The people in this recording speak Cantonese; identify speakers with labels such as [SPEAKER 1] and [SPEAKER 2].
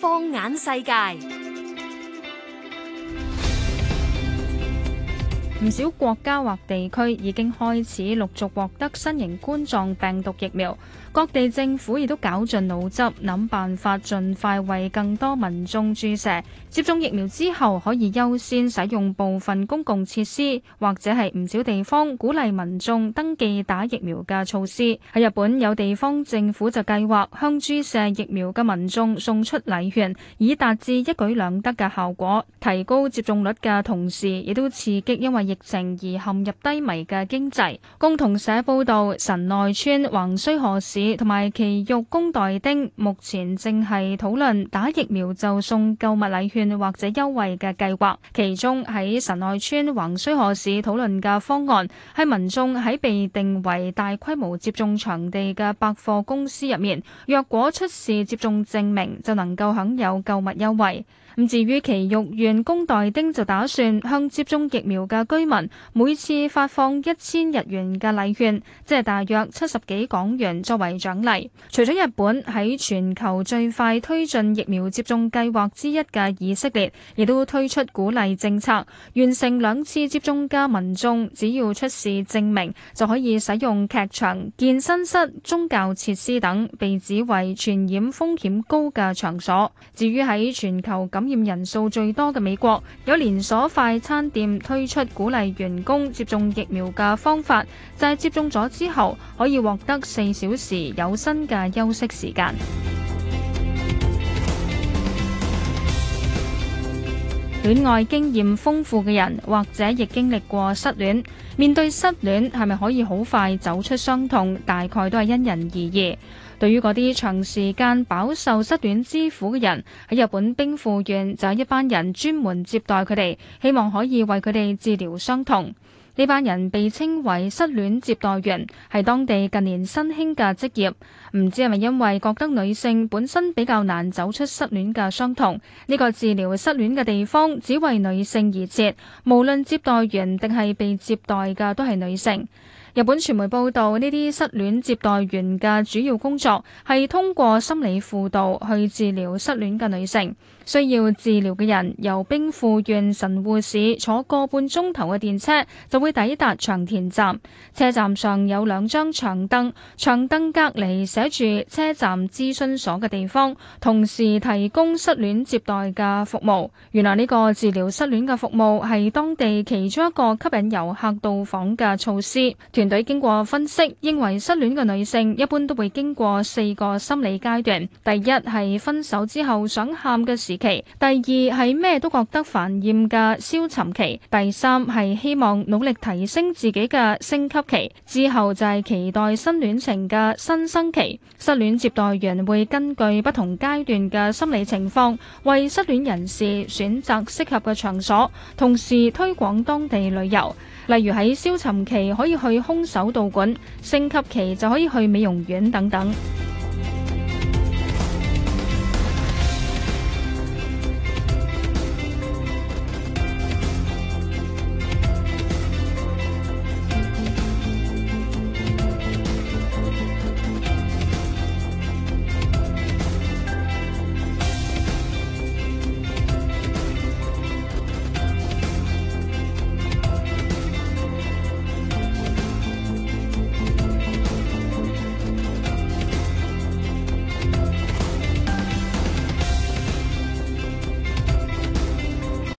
[SPEAKER 1] 放眼世界。唔少國家或地區已經開始陸續獲得新型冠狀病毒疫苗，各地政府亦都絞盡腦汁，諗辦法盡快為更多民眾注射。接種疫苗之後，可以優先使用部分公共設施，或者係唔少地方鼓勵民眾登記打疫苗嘅措施。喺日本有地方政府就計劃向注射疫苗嘅民眾送出禮券，以達至一舉兩得嘅效果，提高接種率嘅同時，亦都刺激因為疫情而陷入低迷嘅經濟。共同社報道，神奈川縣橫須賀市同埋埼玉宮代町目前正係討論打疫苗就送購物禮券或者優惠嘅計劃。其中喺神奈川縣橫須賀市討論嘅方案係，民眾喺被定為大規模接種場地嘅百貨公司入面，若果出示接種證明，就能夠享有購物優惠。咁至於其育員工代丁就打算向接種疫苗嘅居民每次發放一千日元嘅禮券，即係大約七十幾港元作為獎勵。除咗日本，喺全球最快推進疫苗接種計劃之一嘅以色列，亦都推出鼓勵政策，完成兩次接種嘅民眾只要出示證明就可以使用劇場、健身室、宗教設施等被指為傳染風險高嘅場所。至於喺全球咁，感染人數最多嘅美國，有連鎖快餐店推出鼓勵員工接種疫苗嘅方法，就係接種咗之後可以獲得四小時有薪嘅休息時間。戀愛經驗豐富嘅人，或者亦經歷過失戀，面對失戀係咪可以好快走出傷痛？大概都係因人而異。對於嗰啲長時間飽受失戀之苦嘅人，喺日本兵庫縣就有一班人專門接待佢哋，希望可以為佢哋治療傷痛。呢班人被稱為失戀接待員，係當地近年新興嘅職業。唔知係咪因為覺得女性本身比較難走出失戀嘅傷痛？呢個治療失戀嘅地方只為女性而設，無論接待員定係被接待嘅都係女性。日本傳媒報道，呢啲失戀接待員嘅主要工作係通過心理輔導去治療失戀嘅女性。需要治療嘅人由兵庫縣神戶市坐個半鐘頭嘅電車，就會抵達長田站。車站上有兩張長凳，長凳隔離寫住車站諮詢所嘅地方，同時提供失戀接待嘅服務。原來呢個治療失戀嘅服務係當地其中一個吸引遊客到訪嘅措施。團隊經過分析，認為失戀嘅女性一般都會經過四個心理階段：第一係分手之後想喊嘅時期；第二係咩都覺得煩厭嘅消沉期；第三係希望努力提升自己嘅升級期；之後就係期待新戀情嘅新生期。失戀接待員會根據不同階段嘅心理情況，為失戀人士選擇適合嘅場所，同時推廣當地旅遊，例如喺消沉期可以去。空手道館，升級期就可以去美容院等等。